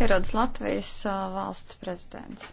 Ierodas Latvijas uh, valsts prezidents.